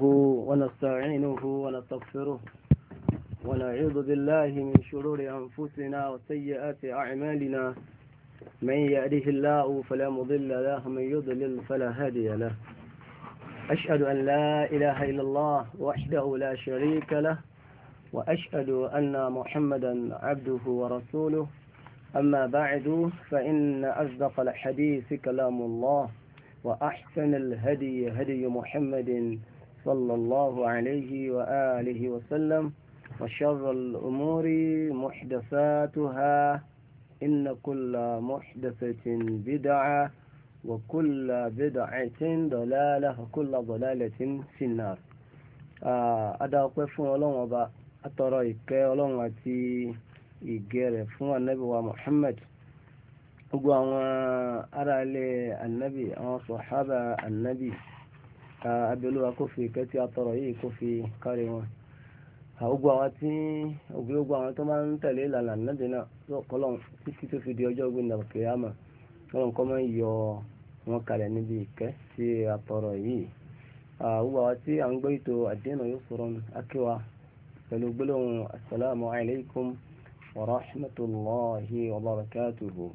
ونستعينه ونستغفره ونعوذ بالله من شرور أنفسنا وسيئات أعمالنا من يأله الله فلا مضل له من يضلل فلا هادي له أشهد أن لا إله إلا الله وحده لا شريك له وأشهد أن محمدا عبده ورسوله أما بعد فإن أصدق الحديث كلام الله وأحسن الهدي هدي محمد صلى الله عليه وآله وسلم وشر الأمور محدثاتها إن كل محدثة بدعة وكل بدعة ضلالة وكل ضلالة في النار أدا قفون ولون وبا أترى إكي ولون وتي إيجير فون النبي ومحمد وقوى أرى النبي أو صحابة النبي abẹ́olúwa fi ìkẹ́ tí a tọrọ yìí kò fi kárí wọn ogun àwọn tí ogun ogun àwọn tó máa ń tẹ̀lé ìlànà nàbẹ̀ náà títí tó fi di ọjọ́ ogun nàbẹ̀ kìyàmà lọ́run kọ́ máa ń yọ wọn kalẹ̀ níbi ìkẹ́ a tọrọ yìí ogun àwọn tí à ń gbé ètò àdéhùn yóò sọ̀rọ̀ akéwà pẹ̀lú gbólóhùn asalaamu alaykum wa rahmatulahi wa barakatuhu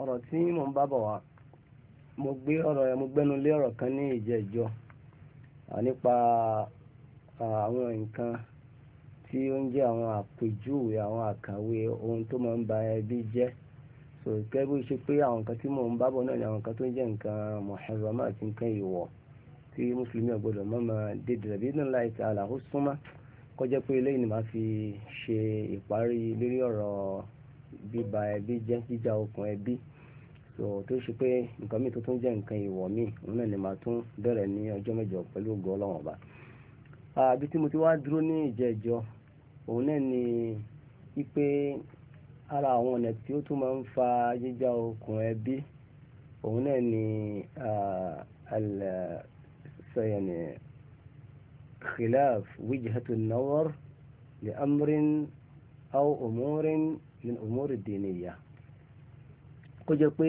ọ̀rọ̀ tí mo gbé ọ̀rọ̀ yẹn mo gbẹ́nu lé ọ̀rọ̀ kan ní ìjẹ́jọ́ nípa àwọn nǹkan tí ó ń jẹ́ àwọn àpèjúwe àwọn àkàwé ohun tó máa ń ba ẹbí jẹ́ so gẹ́gẹ́ bó ṣe pé àwọn nǹkan tí mò ń bábọ̀ náà ni àwọn nǹkan tó ń jẹ́ nǹkan mọ̀hẹ́rọ̀mà àti nǹkan ìwọ̀ tí mùsùlùmí ọ̀gbọ́dọ̀ mọ́ máa dédé rẹ̀ bí nínú láì ta àlàó súnmọ́ kọjá pé eléyìí ni màá fi ṣe ìparí lórí ọ̀rọ̀ bíba ẹbí jẹ́ jíjà okùn ẹbí so tó ṣe pé nǹkan mi tó tún jẹ́ nǹkan ìwọ̀ mi òun náà ni màá tún bẹ̀rẹ̀ ní ọjọ́ mẹ́jọ pẹ̀lú ògo Ọlọ́run ọba àbí tí mo ti wá dúró ní ìjẹ́jọ́ òun náà ni wípé ara àwọn ọ̀nà tí ó tún máa ń fa jíjá okùn ẹbí òun náà ni sọyẹnì khilaf wijhatu nawar li amrin aw umurin min umuri diniya kó jẹ́ pé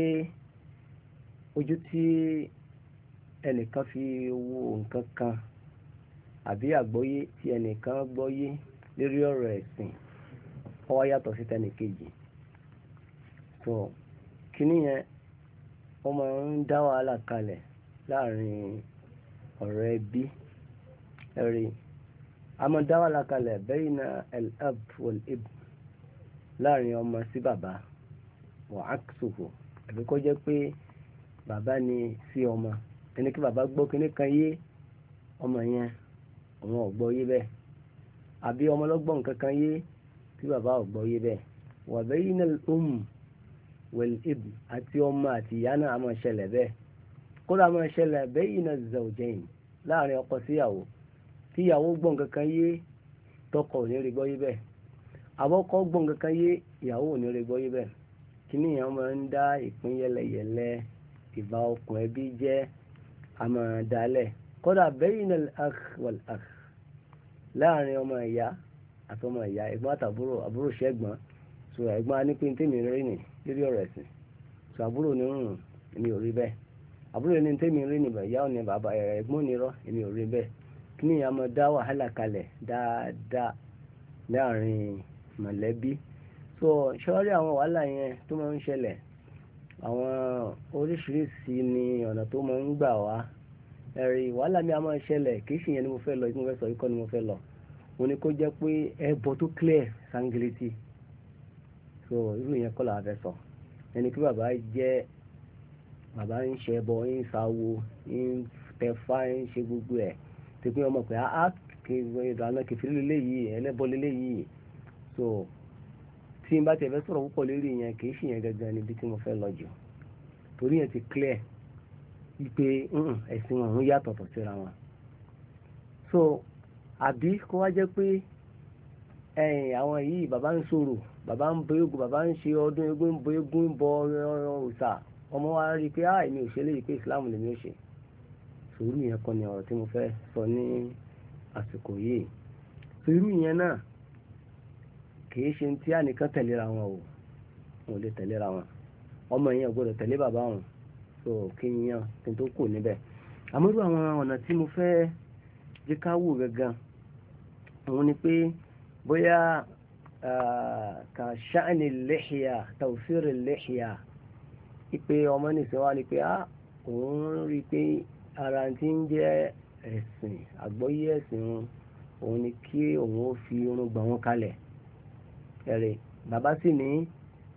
ojú tí ẹnìkan fi wo nǹkan kan àbí àgbọ́yé tí ẹnìkan gbọ́yé lórí ọ̀rọ̀ ẹ̀sìn ó wá yàtọ̀ sí tẹnìkejì tó kíní yẹn ó máa ń dá wàhálà kalẹ̀ láàrin ọ̀rọ̀ ẹbí ẹ̀rí a máa dá wàhálà kalẹ̀ bayna al-ab wal-ibn láàrin ọmọ sí bàbá. Si wà á sòfò àbí kọ́ jẹ́ pé bàbá ni sí ọmọ ẹni kí bàbá gbọ́ kíní kan yé ọmọ yẹn òun ò gbọ́ yé bẹ́ẹ̀ àbí ọmọ lọ́gbọ́n nǹkan kan yé tí bàbá ò gbọ́ yé bẹ́ẹ̀ wà bẹ́yìí náà um wẹ̀lẹ́bù àti ọmọ àti ìyá náà a máa ṣẹlẹ̀ bẹ́ẹ̀ kódà máa ṣẹlẹ̀ bẹ́yìí náà zẹ̀wọ̀jẹ̀yìn láàrin ọkọ síyàwó tíyàwó gbọ́ nǹkan kan yé tọkọ ò ní rí gbọ́ yé bẹ́ẹ̀ àbọ̀kọ gbọ́ nǹkan yé ìyàwó ò ní rí gbọ́ yé bẹ́ẹ̀ kíní yẹn máa ń dá ìpín yẹlẹyẹlẹ ìbá okùn ẹbí jẹ́ àmọ̀dálẹ̀ kódà bẹ́yìn àk láàrin ọmọ ìyá àtọmọ ìyá àtàbúrò àbúrò ṣẹ́gbọ́n so ẹ̀gbọ́n anípín tèmi rí nì lórí ọ̀rọ̀ ẹ̀sìn so àbúrò ní rùn èmi ò bẹ́ẹ̀ àbúrò ní nì ìyá ò ní bàbá ní rọ bẹ́ẹ̀ kíní yẹn máa dá so ṣọ́ọ́rí àwọn wàhálà yẹn tó máa ń ṣẹlẹ̀ àwọn oríṣiríṣi ni ọ̀nà tó máa ń gbà wá ẹ̀rí wàhálà mi a máa ṣẹlẹ̀ kì í ṣe ìyẹn ni mo fẹ́ lọ tí mo fẹ́ sọ ikọ́ ni mo fẹ́ lọ mo ní kó jẹ́ pé ẹbọ tó clear sangiliti so irú yẹn kọ́ làwọn fẹ́ sọ ẹni pé bàbá jẹ́ bàbá ń ṣe ẹbọ ń sawo ń tẹfá ń ṣe gbogbo ẹ̀ tó pé ọmọ pé a kì í ìdáná kìfìrí lélẹ́yìí ẹlẹ́bọ lélẹ́yìí so tí n bá tẹ̀ fẹ́ sọ̀rọ̀ púpọ̀ lórí yẹn kì í ṣe yẹn gangan níbi tí mo fẹ́ lọ jù torí yẹn ti clear wípé ẹ̀sìn wọn òun yàtọ̀ tọ̀ síra wọn. so àbí kó wá jẹ́ pé ẹ̀yìn àwọn yìí bàbá ń sọ̀rọ̀ bàbá ń bọ egun bàbá ń ṣe ọdún egun ń egun bọ òòṣà ọmọ wa rí i pé ah èmi ò ṣe léyìí pé Islam lèmi ò ṣe sùúrù yẹn kọ́ ni ọ̀rọ̀ tí mo fẹ́ sọ ní àsìkò yìí sùúrù yẹn náà kìí ṣe tí a nìkan tẹ̀léra wọn o wọn ò lè tẹ̀léra wọn ọmọ yẹn gbọdọ̀ tẹ̀lé bàbá wọn so kí n yan kí n tó kù níbẹ̀ àmọ́rú àwọn ọ̀nà tí mo fẹ́ jẹ́ ká wò gangan òun ni pé bóyá kà ṣáàni lẹ́hìá tàwùfẹ́rẹ̀ lẹ́hìá ipe ọmọ nìṣẹ́ wa ni pé a òun rí i pé ara ti ń jẹ́ ẹ̀sìn àgbọ́yé ẹ̀sìn òun ni kí òun ó fi irun gbà wọ́n kalẹ̀ ẹ̀rẹ̀ bàbá sì ní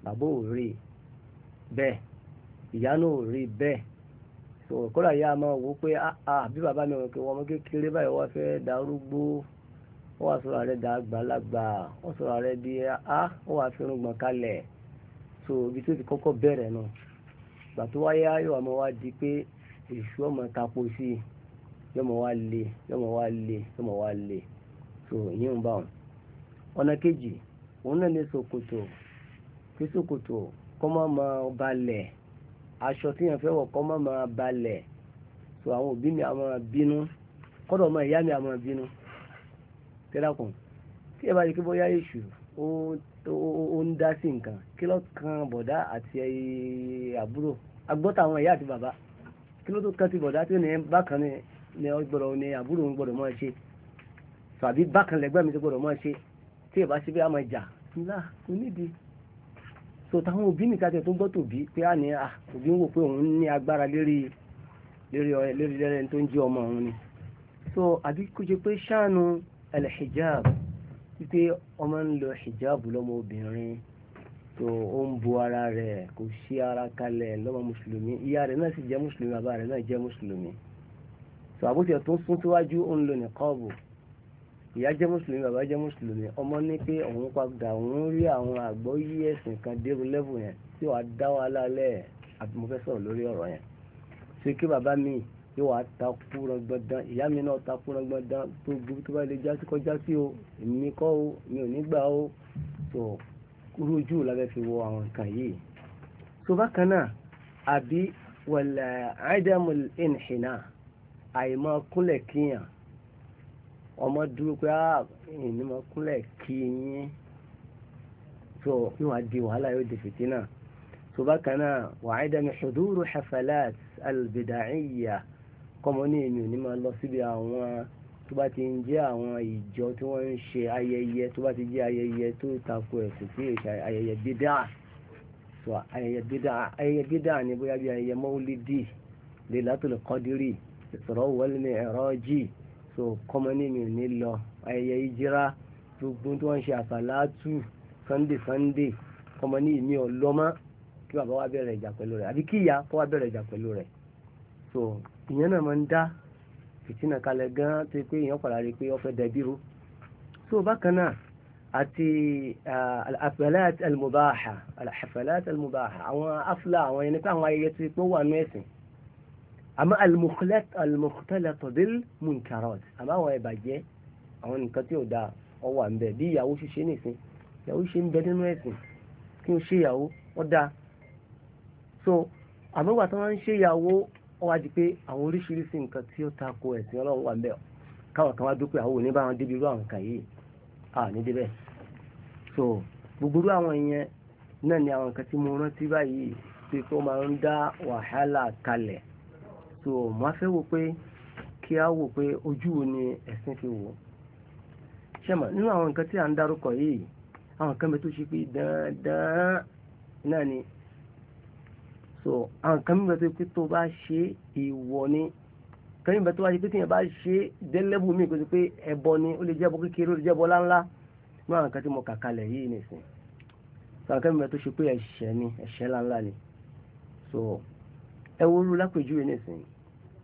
bàbá ò rí bẹ́ẹ̀ ìyá náà ò rí bẹ́ẹ̀ kódà ìyá máa wò ó pé ah, ah, àbí bàbá mi òkè wọn ọmọ kékeré báyìí wọ́n fẹ́ darúgbó wọ́n wá sọ̀rọ̀ rẹ̀ dà àgbàlagbà wọ́n sọ̀rọ̀ rẹ̀ di a wọ́n wá fi irun gbọ̀n kalẹ̀ so ibi tó ti kọ́kọ́ bẹ̀rẹ̀ nù gbà tó wáyá yóò wá mọ wá di pé èṣù ọmọ tapo sí i yóò mọ wá le yóò mọ wá le yóò mọ wá le so ìyẹn ń bá wọn. ọ̀nà kejì òun náà ní ṣòkòtò kí ṣòkòtò kọ́ má máa balẹ̀ aṣọ tí yẹn fẹ́ wọ̀ kọ́ má máa balẹ̀ so àwọn òbí mi àwọn bínú kọ́dọ̀ ọmọ ìyá mi àwọn bínú tẹ́lákùn kí ẹ bá yẹ kí bóyá èṣù ó ń dá sí nǹkan kí ló kan bọ̀dá àti àbúrò agbọ́tà àwọn ìyá àti bàbá kí ló tó kan ti bọ̀dá tí ó ní bákan ní ọgbọ̀rọ̀ ní àbúrò ń gbọ́dọ̀ máa ṣe tàbí bákan lẹ́gbẹ́ mi ti gbọ́dọ̀ máa ṣe tí ìbá ṣe bí náà kò nídìí so táwọn òbí nìkan tẹ tó gbọ́ tòbí pé á ní òbí ń wò pé òun ní agbára lérí lérí ọ̀rẹ́ lérí lẹ́rẹ́ tó ń jí ọmọ òun ni so àbí kó ṣe pé ṣáànù al-hijab wípé ọmọ ń lo hijab lọ́mọ obìnrin tó ó ń bo ara rẹ̀ kò sí ara kalẹ̀ lọ́mọ mùsùlùmí ìyá rẹ̀ náà sì jẹ́ mùsùlùmí bàbá rẹ̀ náà jẹ́ mùsùlùmí so àbótiẹ̀ tó sún síwájú ó ń lo nìkọ́ọ̀bù ìyá jẹ́ mùsùlùmí bàbá jẹ́ mùsùlùmí ọmọ ní pé òun padà òun rí àwọn àgbọ̀ yí ẹ̀sìn kan dérú lẹ́bù yẹn tí wàá dá wa lálẹ́ àti mo fẹ́ sọ̀rọ̀ lórí ọ̀rọ̀ yẹn ṣé kí bàbá mi yóò wá takú rọgbọdán ìyá mi náà takú rọgbọdán tó burú tó bá lè já sí kọjá sí o èmi kọ́ o mi ò ní gbà o tó kúrú ojú lábẹ́ fi wọ àwọn nǹkan yìí tó bákan náà àbí wàlẹ̀ àìdàmù ìnìṣìnà àìmọ́ kúnlẹ̀ kíyàn ọmọ dúró pé ẹ̀yìn ni mo kúnlẹ̀ kí yín tó yóò wá di wàhálà yóò di fìtínà tó bákan náà wàhídà mi ṣòdúró hafalat albidaiya kọ́mọ ní èmi ò ní máa lọ síbi àwọn tó bá ti ń jẹ́ àwọn ìjọ tí wọ́n ń ṣe ayẹyẹ tó bá ti jẹ́ ayẹyẹ tó tako ẹ̀sìn sí ayẹyẹ bídà so ayẹyẹ bídà ayẹyẹ bídà ni bóyá bí ayẹyẹ mọ́wúlídì lè látòlè kọ́dírì ìsọ̀rọ̀ wọlé ní ẹ̀rọ jì so kọ́mọ́nì mi ò ní lọ ayẹyẹ ìjírá gbogbo tí wọ́n ń ṣe àsàlátù sunday sunday kọ́mọ́nì mi ò lọ mọ́ kí bàbá wa bẹ̀rẹ̀ ìjà pẹ̀lú rẹ̀ àbí kí kó wa bẹ̀rẹ̀ ìjà pẹ̀lú rẹ̀ so ìyẹn náà máa ń dá fìtínà kalẹ̀ gan tó pé èèyàn padà rí i pé ó fẹ́ dẹbí rú so bákan náà àti al-hafalat al-mubaha al-hafalat al-mubaha àwọn afla àwọn ẹni pé àwọn ayẹyẹ tó pé wà nú ẹ̀sìn àmọ́ al-mukhtalata bil-munkarat àmọ́ àwọn ìbàjẹ́ àwọn nǹkan tí ò da ọwọ́ à ń bẹ̀ bí ìyàwó ṣiṣẹ́ nìsín ìyàwó ṣe ń bẹ nínú ẹ̀sìn kí n ṣe ìyàwó ó da so àmọ́ ìgbà tí wọ́n ń ṣe ìyàwó ó wá di pé àwọn oríṣiríṣi nǹkan tí ó tako ẹ̀sìn ọlọ́run wà ń bẹ̀ káwọn kan wá dúpẹ́ àwọn òní bá wọn débi irú àwọn kà yìí à ní débẹ̀ so gbogbo irú àwọn ìyẹn náà ni àwọn nǹkan tí mo rántí báyìí pé kó máa ń dá wàhálà kalẹ̀ so màá fẹ́ wò pé kí á wò pé ojú wo ni ẹ̀sìn fi wò ṣẹ́mọ̀ nínú àwọn nǹkan tí à ń dárúkọ yìí àwọn kan bẹ tó ṣe pé dandan náà ni so àwọn kan bẹ tó pé tó bá ṣe ìwọ ni kan bẹ tó bá ṣe pé tíyẹn bá ṣe délẹ́bù mi kò sí pé ẹbọ ni ó lè jẹ́ ẹbọ kékeré ó lè jẹ́ ẹbọ láńlá nínú àwọn kan tí mo kà kalẹ̀ yìí nìsín so àwọn kan bẹ tó ṣe pé ẹ̀ṣẹ̀ ni ẹ̀ṣẹ̀ láńlá ni so ẹ wo rú lápèjúwe nìsín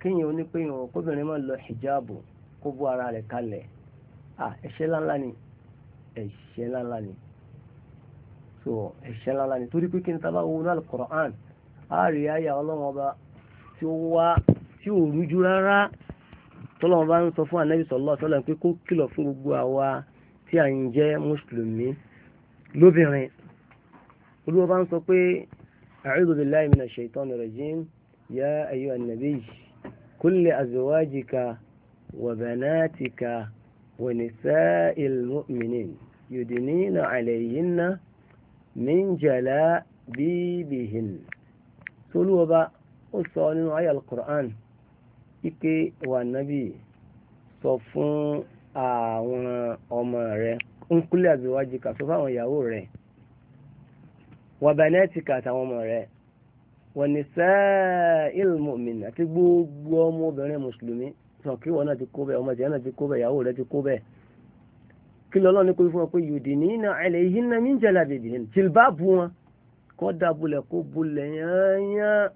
kíyìn onípe ìwọ̀n kóbìnrin máa lọ hijabu kó bó ara rẹ̀ kalẹ̀ à ẹ̀ṣẹ̀ ńláńlá ni ẹ̀ṣẹ̀ ńláńlá ni so ẹ̀ṣẹ̀ ńláńlá ni torí pé kí ni tá a bá wo ní alukoran a rí àyà ọlọ́run ọba tí ó wá tí ò rújú rárá tọ́lọ́run bá ń sọ fún anabi sallallahu alaihi pé kó kìlọ̀ fún gbogbo àwa tí à ń jẹ́ mùsùlùmí lóbìnrin olúwa bá ń sọ pé a'udhu billahi minash shaitani rajim ya ayyuhan nabiy kulli azwajika wa banatika wa nisa'il mu'minin yudnina alayhinna min jalabibihin tolúwọba ó sọ nínú ayé al-Qur'an ike wà nábì sọ fún àwọn ọmọ rẹ ń kulli azwajika sọ fún àwọn ìyàwó rẹ wa banatika àtàwọn ọmọ rẹ wọ́n ní sa'il mu'min àti gbogbo ọmọbìnrin mùsùlùmí sàn kí wọn náà ti kó bẹ́ẹ̀ ọmọ ìjẹ́ náà ti kó bẹ́ẹ̀ ìyàwó rẹ̀ ti kó bẹ́ẹ̀ kí lọ́lọ́ ní kó fún wọn pé yudinina alayhinna min jalabibihinna jìlbáàbù wọn kọ́ da bulẹ̀ kó bulẹ̀ yányán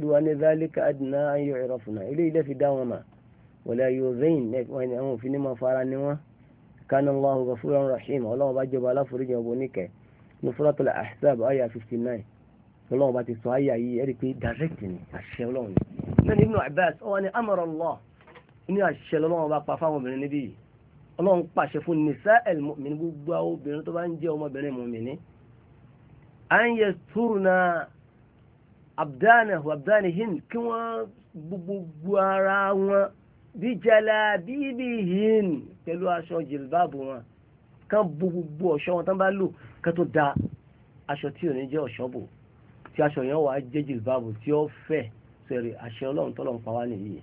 lùwà ní zálíkà adìnnà ayọ̀ ìrọ̀fùnà ilé ilé fi dá wọn mà wọlé ayọ̀ zayn àwọn òfin ni wọn kana ní ọlọ́run bá ti sọ ayé ayé ẹ̀rí pé direct ni àṣẹ ọlọ́run ni náà nínú Abbas ọwọ́ ni amara Allah ní àṣẹ ọlọ́run bá pa fáwọn obìnrin níbí yìí ọlọ́run pàṣẹ fún nisa'il mu'minin gbogbo àwọn obìnrin tó bá ń jẹ́ ọmọbìnrin mu'mini an yasturna abdanahu abdanihin kí wọ́n gbogbo ara wọn bí jalabibihin pẹ̀lú aṣọ jìlbáàbù wọn kán gbogbo ọ̀ṣọ́ wọn tán bá lò kán da aṣọ tí ò ní jẹ́ ọ̀ṣọ́ bò tí aṣọ yẹn wà á jẹ́ jìlbáàbù tí ó fẹ̀ sẹ̀rẹ̀ àṣẹ ọlọ́run tọ́lọ̀ ń pa wá nìyí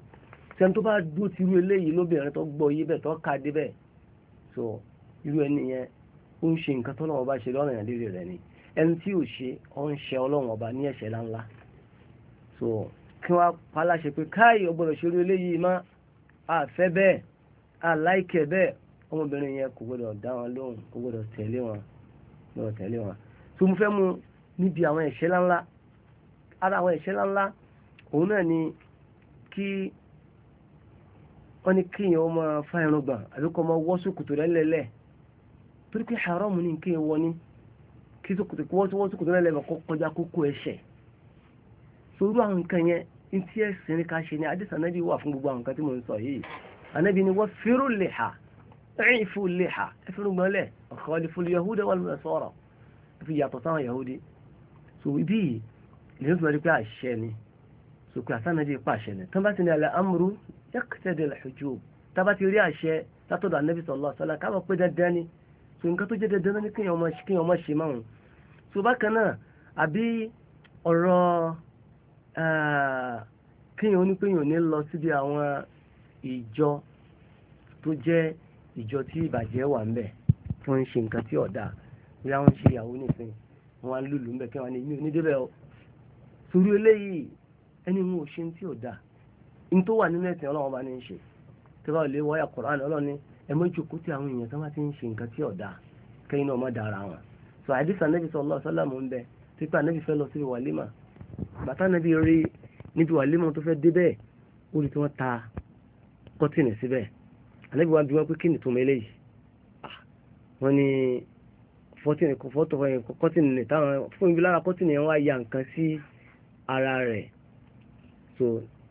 sẹ́ni tó bá dúró ti irú eléyìí lóbìnrin tó gbọ́ yí bẹ́ẹ̀ tó ká dé bẹ́ẹ̀ so irú ẹni yẹn ó ń ṣe nǹkan tọ́lọ́run ọba ṣe lọ́rùn yẹn lérí rẹ̀ ni ẹni tí ò ṣe ọ ń ṣe ọlọ́run ọba ní ẹ̀ṣẹ̀ láńlá so kí wọ́n pa láṣẹ pé káì ọgbọ́dọ̀ ṣe irú eléyìí má àfẹ́ bẹ́ẹ̀ àláìkẹ́ bẹ́ẹ̀ ọmọbìnrin yẹn kò gbọ́dọ̀ dá wọn lóhùn kò gbọ́dọ̀ tẹ̀lé wọn gbọ́dọ̀ tẹ̀lé wọn so mo fẹ́ mu níbi àwọn ẹ̀ṣẹ̀ láńlá ara àwọn ẹ̀ṣẹ̀ láńlá òun náà ni kí wọ́n ní kíyàn ó máa fa irùngbọ̀n àbí kó máa wọ́ ṣòkòtò lẹ́lẹ́lẹ́ torí pé haram ní kíyàn wọ́n ní kí ṣòkòtò kí wọ́n tó wọ́ ṣòkòtò lẹ́lẹ́lẹ́ kó kọjá kókó ẹ̀ṣẹ̀ sorú àwọn nǹkan yẹn ní tí ẹ̀sìn ká ṣe ni adisa anabi wà fún gbogbo àwọn nǹkan tí mò ń sọ yìí anabi ni wọ́n fẹ́rù lè ha ẹ̀yìn fún lè ha ẹ̀fẹ́rù gbọ́n lẹ̀ ọ̀kọ́ so ibi yìí lèyìn sọ pé àṣẹ ni so pé àtànàbí ipa àṣẹ ni tán bá ti ní alẹ́ amúrú yaqtadil hujub tá bá ti rí àṣẹ látọ̀dọ̀ anabi sallallahu alaihi wasallam káwọn pé dandan ni so nǹkan tó jẹ́ dandan ni kéèyàn ọmọ kéèyàn ọmọ ṣe máa ń so bákan náà àbí ọ̀rọ̀ kéèyàn onípéyàn ní lọ síbi àwọn ìjọ tó jẹ́ ìjọ tí ìbàjẹ́ wà ń bẹ̀ tó ń ṣe nǹkan tí ọ̀dà bí wọ́n ń ṣe ìyàwó nìsín wọn á lùlù ń bẹ kí wọn ní mi ò ní débẹ̀ o torí eléyìí ẹni mú o ṣe ń tí ò dáa n tó wà nínú ẹ̀sìn ọlọ́run bá ní í ṣe tí wọ́n lè wáyà Kùránì ọlọ́run ní ẹ mọ́ ìjókòó tí àwọn èèyàn tó bá ti ń ṣe nǹkan tí ò dáa kẹ́yìn náà má dára wọn. sọ àdìsá nẹ́bí sọ lọ́ọ̀ sọ́làmù ń bẹ pípa nẹ́bí fẹ́ lọ síbi wàlímà bàtà nẹ́bí rí níbi wàlímà tó fẹ́ dé bẹ́ẹ̀ ó lè tí wọ́n ta kọ́tìnì síbẹ̀ ànẹ́bí wa bí wọ́n pé kí ni tó mẹ́lẹ́ yìí wọ́n ní fọ́tìnì kò fọ́tò ẹ̀yìn eh, kọ́tìnì táwọn fún ibi lára kọ́tìnì yẹn wá ya nǹkan sí ara rẹ̀ so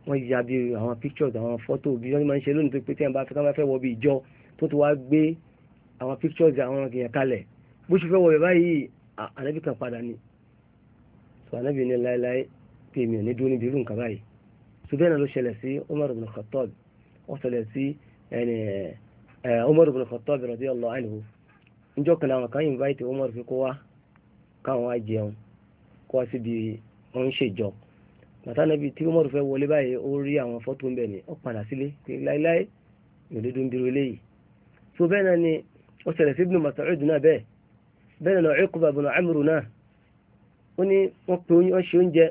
wọ́n ya bí àwọn pictures àwọn fọ́tò bí wọ́n máa ń ṣe lónìí tó pé tí wọ́n bá fẹ́ ká máa fẹ́ wọ bí ìjọ tó ti wá gbé àwọn pictures àwọn èèyàn kalẹ̀ bó ṣe fẹ́ wọ bẹ̀ báyìí ànábì kan padà ni so ànábì ní láéláé pé èmi ò ní dúró níbi irú nǹkan báyìí so bẹ́ẹ̀ náà ló ṣẹlẹ̀ sí Umar ibn Khattab ó ṣẹlẹ̀ sí eh, eh, Umar ibn Khattab radiyallahu anhu níjọ́ kan làwọn kan invite Umar fi kó wá káwọn wá jẹun kó wá síbi wọn ń ṣèjọ bàtà nàbí tí Umar fẹ́ wọlé báyìí ó rí àwọn fọ́tò ń bẹ̀ ni ó padà sílé pé láéláé ìlédú ń dúró léyìí tó bẹ́ẹ̀ náà ni ó ṣẹlẹ̀ sí Ibn Mas'ud náà bẹ́ẹ̀ bẹ́ẹ̀ náà Uqba ibn Amr náà ó ní wọ́n pe wọ́n ṣe oúnjẹ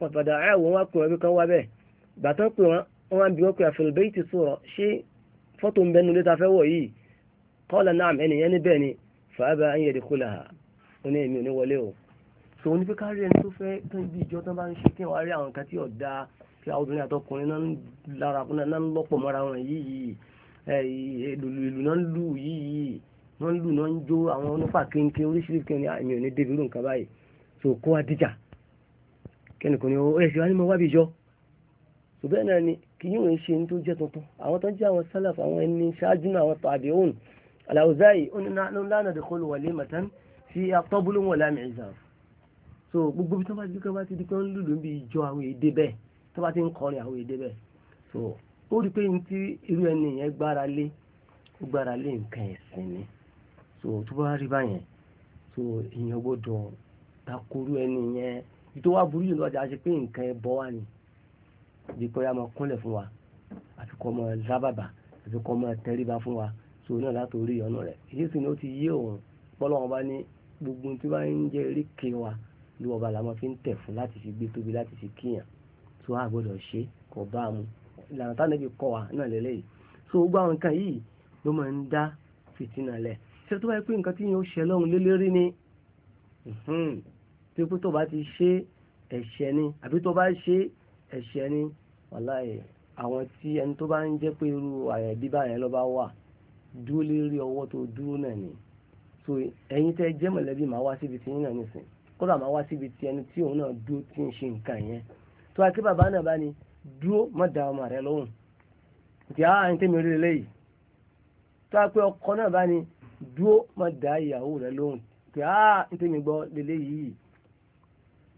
wọ́n padà àwọ̀ wọn pè wọ́n bí kan wá bẹ́ẹ̀ bàtà pè wọ́n wọ́n bí wọ́n pe àfẹlẹ́bẹ́yìí ti sọ̀rọ̀ ṣé fọ́tò ń bẹnu lé ta fẹ́ wọ̀ yìí kọ́lá náà ẹnìyẹn níbẹ̀ ni fàábà ń yẹ ìdíkú làhà ó ní èmi ò ní wọlé o. sọ ní pé kárí ẹni tó fẹ́ kán ibi ìjọ tán bá ń ṣe kí wọ́n rí àwọn nǹkan tí ọ̀dà kí àwọn obìnrin àtọkùnrin náà ń lára náà ń lọ́pọ̀ mọ́ra wọn yìí ìlú ìlú náà ń lù yìí wọ́n ń lù náà ń jó àwọn onífà kéńké oríṣiríṣi kẹ́ni àmì ò ní débi irú nǹkan báyìí so kó wa dìjà kẹ́nìkan ni ó ẹ̀sìn wa ni ní Al-Awza'i ó ní nahnu la nadkhulu walimatan fiha tablun wala mi'zar so gbogbo bí tọ́ba dúkọ́ bá ti di pé ń lùlù bí ìjọ àwọn èdè bẹ́ẹ̀ tọ́ba ti ń kọrin àwọn èdè bẹ́ẹ̀ so ó rí pé ní tí irú ẹni yẹn gbára lé ó gbára lé nǹkan ẹ̀sìn ni so tó bá rí báyẹn so èèyàn gbọ́dọ̀ takoru ẹni yẹn tó wá burú jù lọ́jà ṣe pé nǹkan ẹ bọ́ wá ni bí pé ya máa kúnlẹ̀ fún wa àti máa lábàbà àti máa tẹríba fún wa so náà látòrí ọ̀nà rẹ̀ èyí sì ni ó ti yé òun pọ́lọ́wọ́n bá ní gbogbo tí wọ́n ń jẹ́ eréke wa ló ọba làwọn fi ń tẹ̀ fún láti fi gbé tóbi láti fi kíyàn tó a gbọ́dọ̀ ṣe kò bá mu ìlànà táwọn ẹbí kọ́ wa náà lélẹ́yìí so gbogbo àwọn nǹkan yìí ló máa ń dá fìtínà lẹ̀ ṣé tó bá yẹ pé nǹkan tí yẹn ó ṣe lọ́hùn lélẹ́rí ni tí pé tó bá ti ṣe ẹ̀ṣẹ̀ ni àbí tó bá ṣe ẹ̀ṣẹ̀ ni wàláhì àwọn tí ẹni tó bá ń jẹ́ pé irú àyẹ̀bí báyẹn ló bá wà dúró lérí ọwọ́ tó dúró náà ni so ẹ̀yin tẹ́ jẹ́ mọ̀lẹ́bí màá wá síbi tí yín náà nìsín kódà màá wá síbi tí ẹni tí òun náà dúró tí ń ṣe nǹkan yẹn tó wá kí bàbá náà bá ní dúró má da ọmọ rẹ lóhùn kì á ẹni tẹ́mi orí lélẹ́yìí tó wá pé ọkọ náà bá ní dúró má da ìyàwó rẹ lóhùn kì á tẹ́mi gbọ́ lélẹ́yìí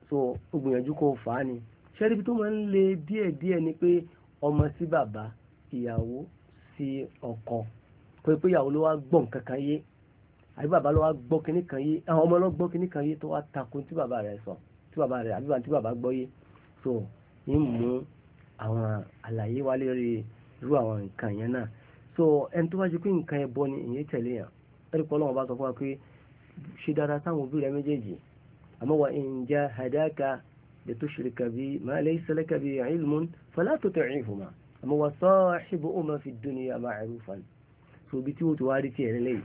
so ó gbìyànjú kó fà á ni ṣẹ́ríbi tó máa ń le díẹ̀díẹ̀ ni pé ọmọ sí bàbá ìyàwó sí ọkọ tó pé ìyàwó ló wá gbọ́ nǹkan kan yé àbí bàbá ló wá gbọ́ kinní kan yé àwọn ọmọ ló gbọ́ kinní kan yé tó wá takò tí bàbá rẹ̀ sọ tí bàbá rẹ̀ àbí tí bàbá gbọ́ yé so ní mú àwọn àlàyé wá lérí irú àwọn nǹkan yẹn náà so ẹni tó bá jẹ́ pé nǹkan ẹ̀ bọ́ ni ìyẹn tẹ̀lé yàn ẹ̀rí pọ́ lọ́wọ́ bá sọ fún wa pé ṣe dáadáa sáwọn òbí rẹ méjèèjì àmọ́ wa in jahadaka لتشرك بي ما ليس لك به علم فلا تطعهما وصاحبهما في الدنيا معروفا tòbí tí wọ́n ti wá rí tiẹ̀ lélẹ́yìí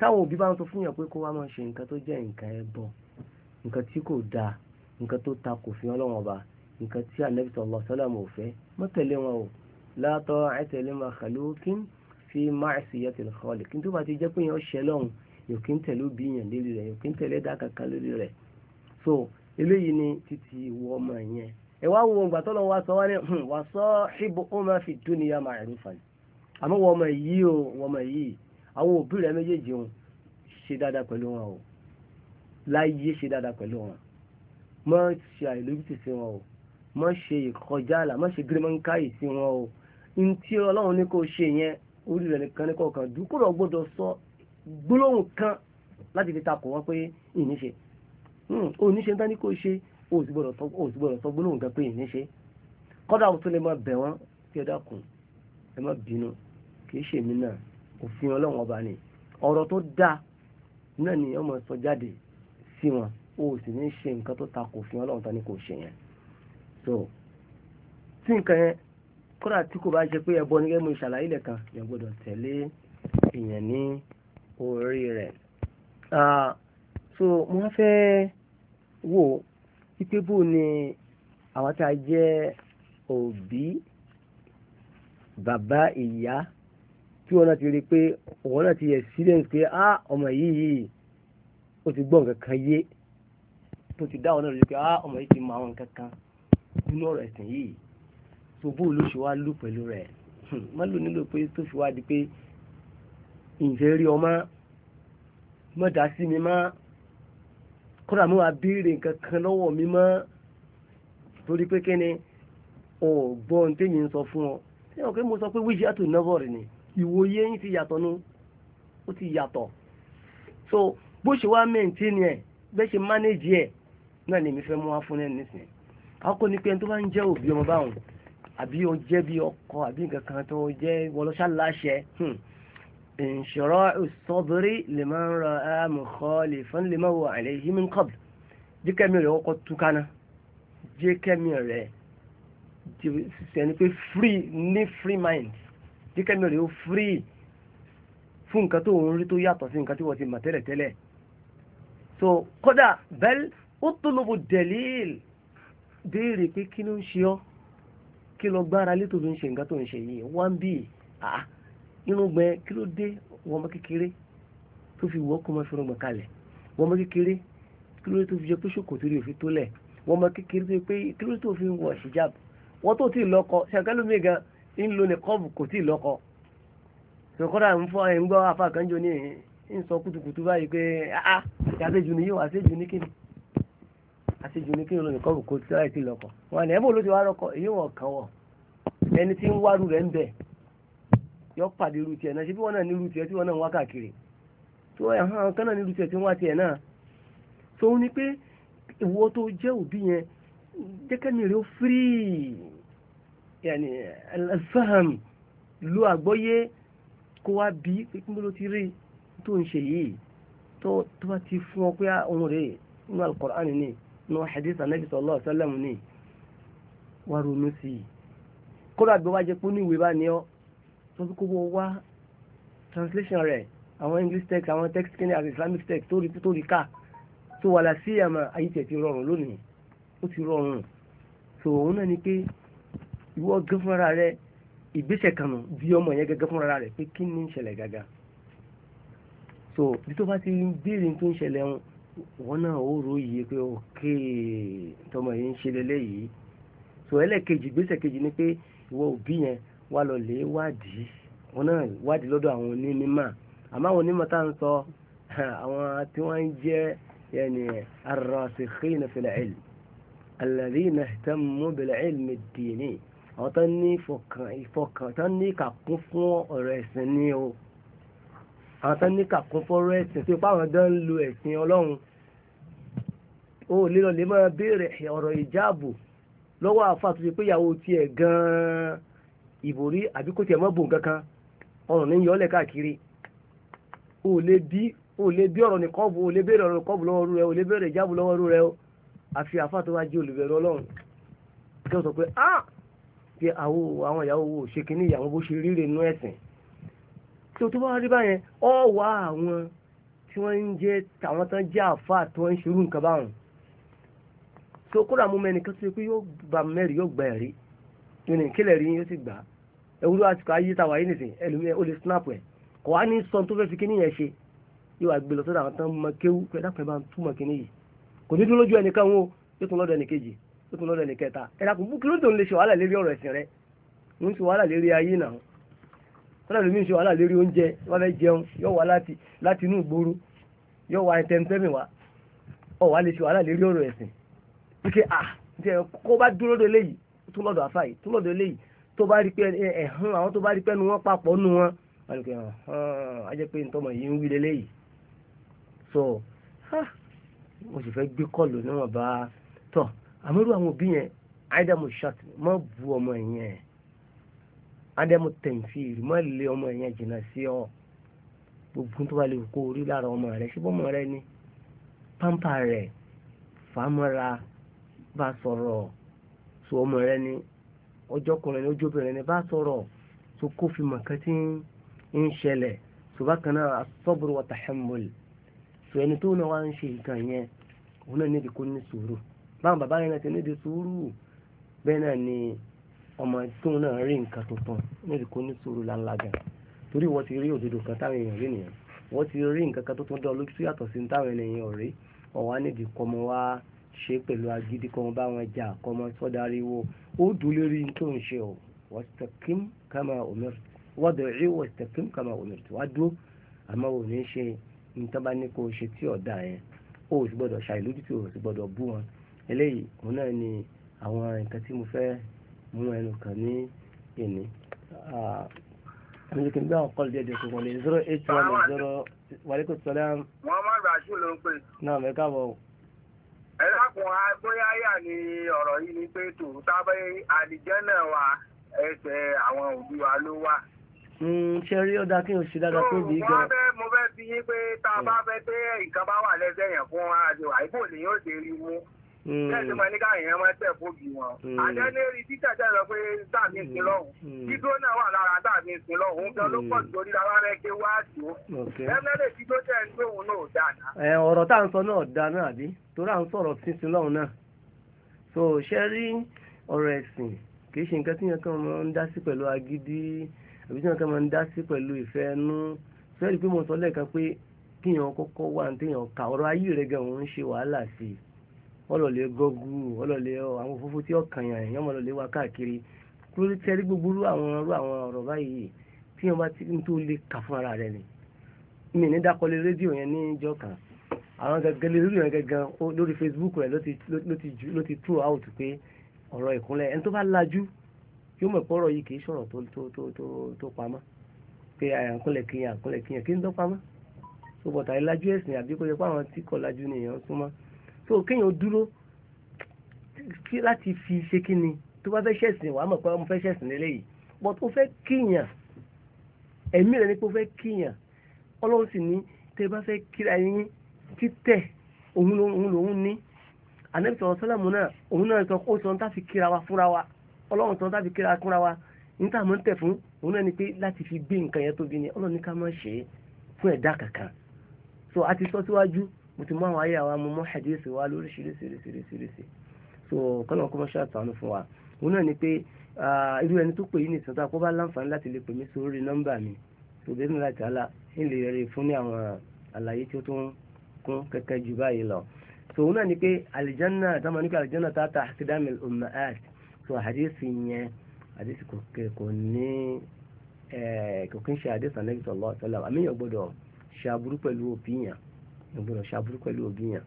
táwọn òbí bá ń sọ fún yàn pé kó wá máa ṣe nǹkan tó jẹ́ nǹkan ẹbọ nǹkan tí kò dáa nǹkan tó ta kò fi ọlọ́wọ́n ọba nǹkan tí anabi sallallahu alaihi wasallam ò fẹ́ mọ́tẹ̀lé wọn o la ta'ata li makhluqin fi ma'siyatil khaliq kí n tó bá ti jẹ́ pé yẹn ó ṣẹ lọ́hùn yóò kí n tẹ̀lé òbí yẹn lórí rẹ̀ yóò kí n tẹ̀lé dá lórí rẹ̀ so eléyìí ni títí ìwọ ọmọ yẹn ẹ wá wo ìgbà tó lọ sọ wá ní wà sọ ṣíbo ó máa fi dúnìyà ma'rufan àmọ́ wọ́n ọmọ yìí o wọ́n ọmọ yìí àwọn òbí rẹ̀ méjèèjì ń ṣe dáadáa pẹ̀lú wọn o láyé ṣe dáadáa pẹ̀lú wọn má ṣe àìlójútì sí wọn o má ṣe ìkọjá àlà má ṣe gírímọ́nkáyì sí wọn o ní tí ọlọ́run ní kò ṣe yẹn orí rẹ̀ nìkan ní kọ̀ọ̀kan dùkúrọ̀ gbọ́dọ̀ sọ gbólóhùn kan láti fi takò wọn pé ìníṣe oníṣe ní kò ṣe òsì hmm, sọ gbólóhùn kan pé ìníṣe kọ́dà mo lè máa bẹ̀ wọ́n kí ẹ dákun ẹ má bínú kìí ṣe mí náà òfin ọlọ́run ọba ni ọ̀rọ̀ tó dáa náà ni ọmọ sọ jáde sí wọn o sì ní ṣe nǹkan tó ta kò òfin ọlọ́run tán ni kò ṣe yẹn so tí nǹkan yẹn kódà tí kò bá ṣe pé ẹbọ nígbà mo ṣàlàyé lẹ́kan yẹn gbọ́dọ̀ tẹ̀lé èèyàn ní orí rẹ̀ so mo fẹ́ wò wípé bó ni àwọn tá a jẹ́ òbí bàbá ìyá tí wọn náà ti rí i pé òun náà ti experience pé á ọmọ yìí yìí ó ti gbọ́ nǹkan kan yé tó ti dá wọn náà rí i pé á ọmọ yìí ti mọ àwọn nǹkan kan nínú ọ̀rọ̀ ẹ̀sìn yìí tó bóun ló ṣe wá lù pẹ̀lú rẹ̀ hmm, má lò nílò pé tó fi wá di pé ìfẹ́ rí ọmọ mọ́ta sí mi má kódà mo wá béèrè nǹkan kan lọ́wọ́ mi mọ́ torí pé kí ni ọ̀gbọ́n tèmi ń sọ fún ọ. ṣé o mo sọ pé wíṣí àtò ni ìwòye yín ti yàtọ̀ nu ó ti yàtọ̀ so bó ṣe wá mẹ́ǹtínì ẹ̀ bẹ́ẹ̀ ṣe mánéjì ẹ̀ náà lèmi fẹ́ mú wá fún ẹni nísìnyí akọ ni pé ẹni tó bá ń jẹ́ òbí ọmọ báwọn àbí ó jẹ́ bí ọkọ àbí nǹkan kan tó jẹ́ wọlọ́ṣà láṣẹ ìṣòro ìsọdúrí lè máa ń ra àmùkọ́ lè fún lè máa wọ àlẹ́ yìí mi ń rẹ̀ ọkọ̀ túkánná jẹ́ rẹ̀ ṣe ni pé free ní free mind tí kẹ́mi rẹ̀ ó firi fún nǹkan tó ń rí tó yàtọ̀ sí nǹkan tí wọ́n ti mọ̀ tẹ́lẹ̀tẹ́lẹ̀ so kódà bẹ́ẹ̀ ó tó lóbo dẹ̀líl béèrè pé kí ló ń ṣe ọ́ kí lọ gbára lé tó ń ṣe nǹkan tó ń ṣe yìí wọ́n bí ah irùngbọ̀n kí ló dé wọ́n mọ kékeré tó fi wọ́ kó mọ́ fi irùngbọ̀n kalẹ̀ wọ́n mọ kékeré kí ló dé tó fi jẹ pé ṣòkòtò rí òfin tó lẹ̀ wọ́n mọ kékeré tó fi pé kí ló dé tó fi ń wọ̀ ṣìjáàbù wọ́n tó ti lọ́kọ ṣàkálùmí gan-an ń lo nìkọ́ọ̀bù kò tí ì lọ́kọ sọkọ́dà ń fọ ẹ̀ ń gbọ́ afa kan jọ ní ń sọ kutukutu báyìí pé ah àṣejù ni yóò àṣejù ní kíni àṣejù ní kíni lónìí kọ́ọ̀bù kò tí ì tí ì lọ́kọ wọn ni ẹ̀bùn ló ti wá lọ́kọ èyí wọn kàn wọ ẹni tí ń wárú rẹ̀ ń bẹ̀ yọ pàdé irú tiẹ̀ náà ṣé bí wọ́n náà ní irú tiẹ̀ tí wọ́n náà ń wá káàkiri tí wọ́n hàn kán náà ní irú tiẹ̀ tí wọ́n wá tiẹ̀ náà tó ní pé ìwọ tó jẹ́ òbí yẹn jẹ́kẹ́ mi rẹ̀ ó fírì yàní alfaham lo àgbọ́yé kó wá bí pípín ló ti rí tó ń ṣe yìí tó tó bá ti fún ọ pé òun rèé nínú alukur'an ni nínú hadith anabi sallallahu alaihi wasallam ni waru ronú sí i kódà bí wàá jẹ pé ní ìwé bá ní ọ tó fi kó bọ translation rẹ àwọn english text àwọn text kínní àti islamic text tó rí tó rí ká tó wà lásìyàmà ayé tẹ̀ ti rọrùn lónìí ó ti rọrùn so òun náà ni pé ìwọ gẹ́ fúnra rẹ ìgbésẹ̀ kan nù bí ọmọ yẹn gẹ́gẹ́ fúnra rẹ pé kí ni ń ṣẹlẹ̀ gàgà so bí tó bá ti ń béèrè tó ń ṣẹlẹ̀ wọn náà ó ro yìí pé òkè tọmọ yìí ń ṣe lélẹ́yìí so ẹlẹ́ẹ̀kejì ìgbésẹ̀ kejì ni pé ìwọ òbí yẹn wà lọ lè wádìí wọn náà wádìí lọ́dọ̀ àwọn onímọ̀ àmọ́ àwọn onímọ̀ tá à ń sọ àwọn tí wọ́n ń jẹ́ yẹnì ar-rasikhina fil ilm alladhina ihtammu bil ilmi ad-dini àwọn tán ní ìfọkàn tán ní ìkàkún fún ọ̀rọ̀ ẹ̀sìn ni o àwọn tán ní ìkàkún fún ọ̀rọ̀ ẹ̀sìn tí ipá àwọn dán ń lo ẹ̀sìn ọlọ́run o lè lọ lè máa béèrè ọ̀rọ̀ ìjáàbò lọ́wọ́ àfa tó ṣe pé ìyàwó tiẹ̀ gan-an ìbòrí àbí kò tiẹ̀ mọ́ bò nǹkan kan ọ̀rùn ní yọ̀ọ́lẹ̀ káàkiri o lè bí o lè bí ọ̀rọ̀ ní kọ́ọ̀bù o lè béèrè ọ̀rọ̀ ní kọ́ọ̀bù lọ́wọ́ rú rẹ o lè béèrè ìjáàbò lọ́wọ́ rú rẹ o àfi àfa tó wá jẹ́ olùbẹ̀rù ọlọ́run kí wọ́n sọ pé ah pé àwọn ìyàwó wo ṣe kínní ìyàwó bó ṣe ríre inú ẹ̀sìn tí o tó bá rí báyẹn ọ wá àwọn tí wọ́n ń jẹ́ tàwọn tán jẹ́ àfáà tí wọ́n ń ṣerú nǹkan báwọn so kódà mú mẹ́ni kan tó yẹ pé yóò gba mẹ́rin yóò gba ẹ̀rí ìrìn ìkílẹ̀ rí yóò sì gbà á ewúrẹ́ àsìkò ayé tàwa yìí nìsín ẹlòmíràn ó lè snap ẹ̀ kò wá ní sọ tó fẹ́ fi kíní yẹn ṣe yóò wá gbé lọ sọ́dọ̀ àwọn tán mọ kéwú pé dákùnrin bá ń túmọ̀ kíní yìí kò ní dúró lójú ẹnìkan wọn ó yóò tún lọ́dọ̀ ẹnìkejì ó tún lọ́dọ̀ ẹnìkẹta ẹ̀rọ kò kí ló dùn lè ṣe wàhálà lérí ọ̀rọ̀ ẹ̀sìn rẹ ń ṣe wàhálà lérí ayé náà wọ́n lè mí ṣe wàhálà lérí oúnjẹ wọ́n fẹ́ jẹun yóò wá láti láti inú ìgboro yóò wá ẹ̀ńtẹ́ńtẹ́mì wá ọ̀ wá lè ṣe wàhálà lérí ọ̀rọ̀ ẹ̀sìn wíkẹ́ à ǹjẹ́ kó bá dúró lọ́dọ̀ eléyìí tún lọ́dọ̀ àfa yìí tún lọ́dọ̀ eléyìí tó bá rí pé ẹ̀hún àwọn tó so mo sì fẹ́ gbé kọ́ọ̀lù níwọ̀nba tọ̀ àmọ́rú àwọn òbí yẹn ádámù ṣàtì má bu ọmọ yẹn ádámù tẹ̀ǹfìrì má lé ọmọ yẹn jìnnà sí ọ gbogbo tó bá lè kó orí lára ọmọ rẹ ṣé bọ́mọ rẹ ni pampa rẹ fàmọ́ra bá sọ̀rọ̀ so ọmọ rẹ ni ọjọ́kùnrin ni ojóbìnrin ni bá sọ̀rọ̀ so kófì mọ̀kàn tí ń ṣẹlẹ̀ so bákan náà asọ́bùrù wọ́tà hẹ́mọ́lì so ẹni tó náà wá ń ṣe nǹkan yẹn òun náà níbi kó ní sùúrù báwọn bàbá yẹn náà ti nídìí sùúrù bẹ́ẹ̀ náà ni ọmọ tóun náà rí nǹkan tuntun nídìí kó ní sùúrù láńlá gan torí wọ́n ti rí òdodo kan táwọn èèyàn rí nìyẹn wọ́n ti rí nǹkan kan tó tún dán lójú yàtọ̀ sí táwọn ènìyàn ò rí ọ̀wá nídìí kọ́ ọmọ wa ṣe pẹ̀lú agídí kọ́ ọmọ bá wọn jà kọ́ ọmọ sọ́darí wo ó dùn lórí tó ń ṣe ọ̀ wastaqim kama umirt wad'i wastaqim kama umirt wá dúró àmọ́ ò ní ṣe nǹkan bá ní kó ṣe tí eléyìí òun náà ni àwọn nǹkan tí mo fẹ́ mú ẹnu kàn ní ìní. àmì ah, kí n gbé àwọn kọ́ọ̀lù díẹ̀ díẹ̀ ní zero eight one zero wàlíkò sọlẹ́m. Muhammad Rasheed ló ń pè. náà mẹ́ka bọ̀. ẹ lákùn agbóyá ni ọ̀rọ̀ yìí ni pé tòótá bẹ́ẹ̀ àdìjẹ́ náà wà ẹsẹ̀ àwọn òbí wa ló wà hmm, ṣe rí ọ̀dà kí n ṣe dáadáa tó bí gan. mo fẹ́ fi yín pé tá a bá hmm. fẹ́ tẹ́ ìkan bá wà lẹ́sẹ̀ yẹn fún àjò àìbò lèyìn Mm. kẹ́sì máa ní káyìn yẹn máa tẹ̀ wọn. àdẹ́nẹ́rì mm. títẹ̀ tẹ̀ lọ pé sáàmì sí lọ́hùn. Mm. dídó náà wà lára sáàmì sí lọ́hùn. òun kan pọ̀ jù orí wá o. tẹ̀ ń náà dáná. ẹ náà dáná àbí torí à ń sọ̀rọ̀ so ṣe rí ọ̀rọ̀ ẹ̀sìn kì í ṣe nǹkan tí yẹn kan máa ń dá sí pẹ̀lú àbí sọ lẹ́ẹ̀kan pé kíyàn kọ́kọ́ wà ní téèyàn ọ̀rọ̀ ayé rẹ̀ gan ọlọ́lẹ̀ gọ́gù ọlọ́lẹ̀ àwọn òfófó tí ọkàn yàn èèyàn mọ̀ lọ́lẹ̀ wá káàkiri kúrò ní tẹ́rí gbogbo rú àwọn ọ̀rọ̀ àwọn ọ̀rọ̀ báyìí tí wọ́n bá ti ń tó lè kà fún ara rẹ̀ ni mi ní dákọ́lé rédíò yẹn ní ìjọ kan àwọn gẹ́gẹ́ lórí yẹn gẹ́gẹ́ lórí Facebook rẹ̀ ló ti tú out pé ọ̀rọ̀ ìkúnlẹ̀ ẹni tó bá lajú yóò mọ̀ pé ọ̀rọ̀ yìí kì í sọ̀rọ̀ tó pamọ́ pé àyànkúnlẹ̀ kìyàn àkúnlẹ̀ kìyàn kí ń tó pamọ́ so bọ̀tà ìlajú ẹ̀sìn àbí kó yẹ pé àwọn tí kò lajú nìyẹn súnmọ́ tó kéèyàn dúró láti fi ṣe kí ni tó bá fẹ́ ṣẹ̀sìn wàá mọ̀ pé mo fẹ́ ṣẹ̀sìn lélẹ́yìí but ó fẹ́ kíyàn ẹ̀mí rẹ̀ ni pé ó fẹ́ kíyàn ọlọ́run sì ní tẹ́ bá fẹ́ kíra yín títẹ̀ òun lòun ní ànábì sọ̀rọ̀ sọ́làmù náà òun náà sọ ó sọ ń tàfi kíra wa fúnra wa ọlọ́run sọ ń tàfi kíra fúnra wa níta mọ̀ ń tẹ̀ fún òun náà ni pé láti fi gbé nǹkan yẹn tóbi ni ọlọ́run ní ká má ṣe é fún ẹ̀dá kankan so a ti sọ síwájú mo ti mú àwọn ayé àwa mo mú hadisi wa lóríṣiríṣiríṣiríṣi so kọ́nà kọ́ mọ́ ṣàtàánú fún wa òun náà ni pé irú ẹni tó pè yín nìkan tó akọ́ bá láǹfààní láti lè pè mí sórí nọ́mbà mi tó bẹ́ẹ̀ ní láti àlà ń lè rẹ̀ fún ní àwọn àlàyé tí ó tún kún kẹ́kẹ́ jù báyìí lọ so òun náà ni pé àlìjánná táwọn oníkà àlìjánná tá a ta akidami ummahat so hadisi yẹn hadisi kò ní kò kí ń ṣe hadisi Ànábì sallallahu alaihi wasallam àmì yẹn gbọ́dọ̀ ṣe ìgbọ́dọ̀ ṣàbúrú pẹ̀lú òbí yàn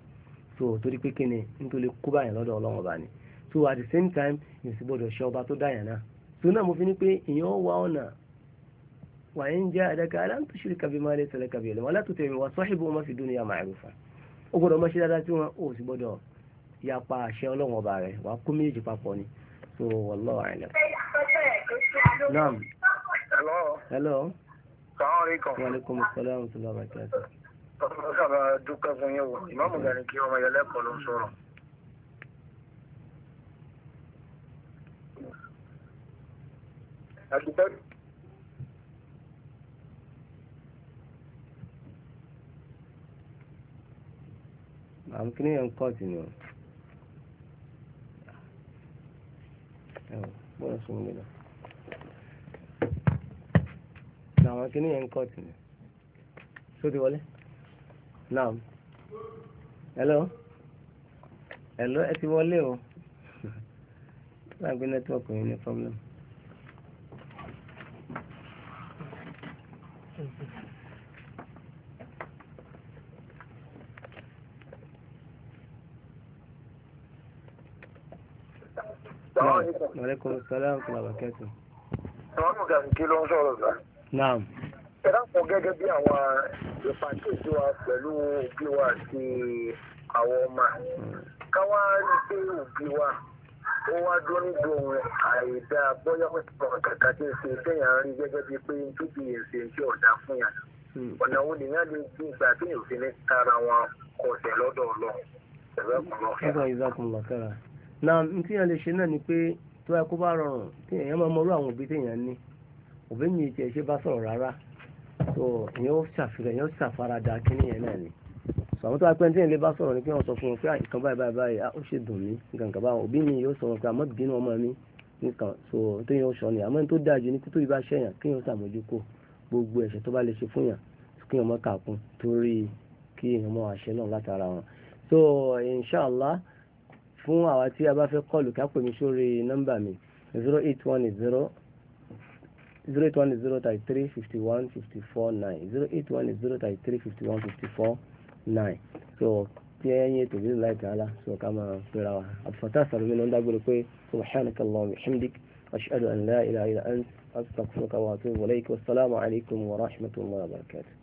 so torí pé kí ni nítorí kó báyàn lọ́dọ̀ ọlọ́run ọba ni so at the same time yìí gbọ́dọ̀ ṣe ọba tó dáyàn náà so náà mo fi ní pé èèyàn wá ọ̀nà wà ń jẹ́ àdáka aláǹtó ṣe kàbí máa lé tẹ̀lé kàbí ẹ̀lẹ́mọ̀ alátòtò fi dúnìyà ma'rufa ó gbọ́dọ̀ ṣe dáadáa tí sì gbọ́dọ̀ àṣẹ ọba ọlọ́sàbà dúpẹ́ fún yín o ìmáàmù Gani kí ọmọ yẹlẹ́kọ̀ọ́ ló ń sọ̀rọ̀. àdúgbò. àwọn kìnìún yẹn ń kọ́ sí ni o. bọ́ọ̀ sùn mí lọ. àwọn kìnìún yẹn ni. sóde wọlé naam hello hello ẹ ti wọlé o láàgbé nẹ́tíwọ̀kì yìí ní problem. Wa alaikum salaam wa rahmatullahi wa barakatuh. Àwọn ọmọ gàmìkì ló ń sọ̀rọ̀ gbà. Naam. ẹ dákun gẹ́gẹ́ bí àwọn ìpàkíyèsí wa pẹ̀lú òbí wa àti àwọn ọmọ káwá rí pé òbí wa ó wá àìdá bóyá wọn ti kàkà tí ń ṣe sẹ́yìn rí gẹ́gẹ́ bíi pé bí ọ̀dà fún yàn hmm. ọ̀nà wo lè gbé ìgbà tí yóò fi ní tara wọn lọ́dọ̀ tó kó so ìyẹn ó ṣàfihàn ìyẹn ó ṣàfaradà kínní yẹn náà ni so àwọn tó wá pẹ́ ní tíyẹn lè bá sọ̀rọ̀ ni pé wọ́n sọ fún wọn pé ah, nǹkan báyìí báyìí báyìí ah, ó ṣe dùn mí gàǹgà báwọn òbí mi yóò sọ wọn pé àmọ́ ah, bínú ọmọ mi nìkan so tó yẹn ó sọ ni àmọ́ tó dáa jù ní títú ìbá ṣẹ̀yàn kí yẹn ó ṣàmójúkò gbogbo ẹ̀ṣẹ̀ tó bá lè ṣe fún yàn kí yẹn mọ́ kàkún torí kí yẹn mọ́ inshallah fún a bá fẹ́ kọlù ká pè mí sórí nọ́mbà mi zero eight one zero zero eight one zero thirty three fifty one fifty four nine zero eight one zero thirty three fifty one fifty four nine so tí ẹ̀yin ètò ìlú láì tààlà so ká máa pera wa àbùfàtà sàrùmí ló ń dágbére pé subhanaka allahumma hamdik ashhadu an la ilaha illa ant astaghfiruka wa atubu ilayk wassalamu alaykum wa rahmatullahi wa barakatuh.